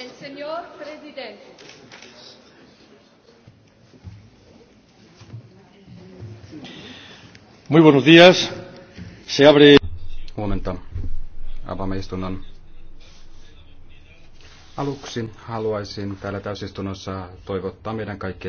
el señor presidente. Muy buenos días. Se abre. Un Huomenta. Avaamme istunnon. Aluksi haluaisin täällä täysistunnossa toivottaa meidän kaikkien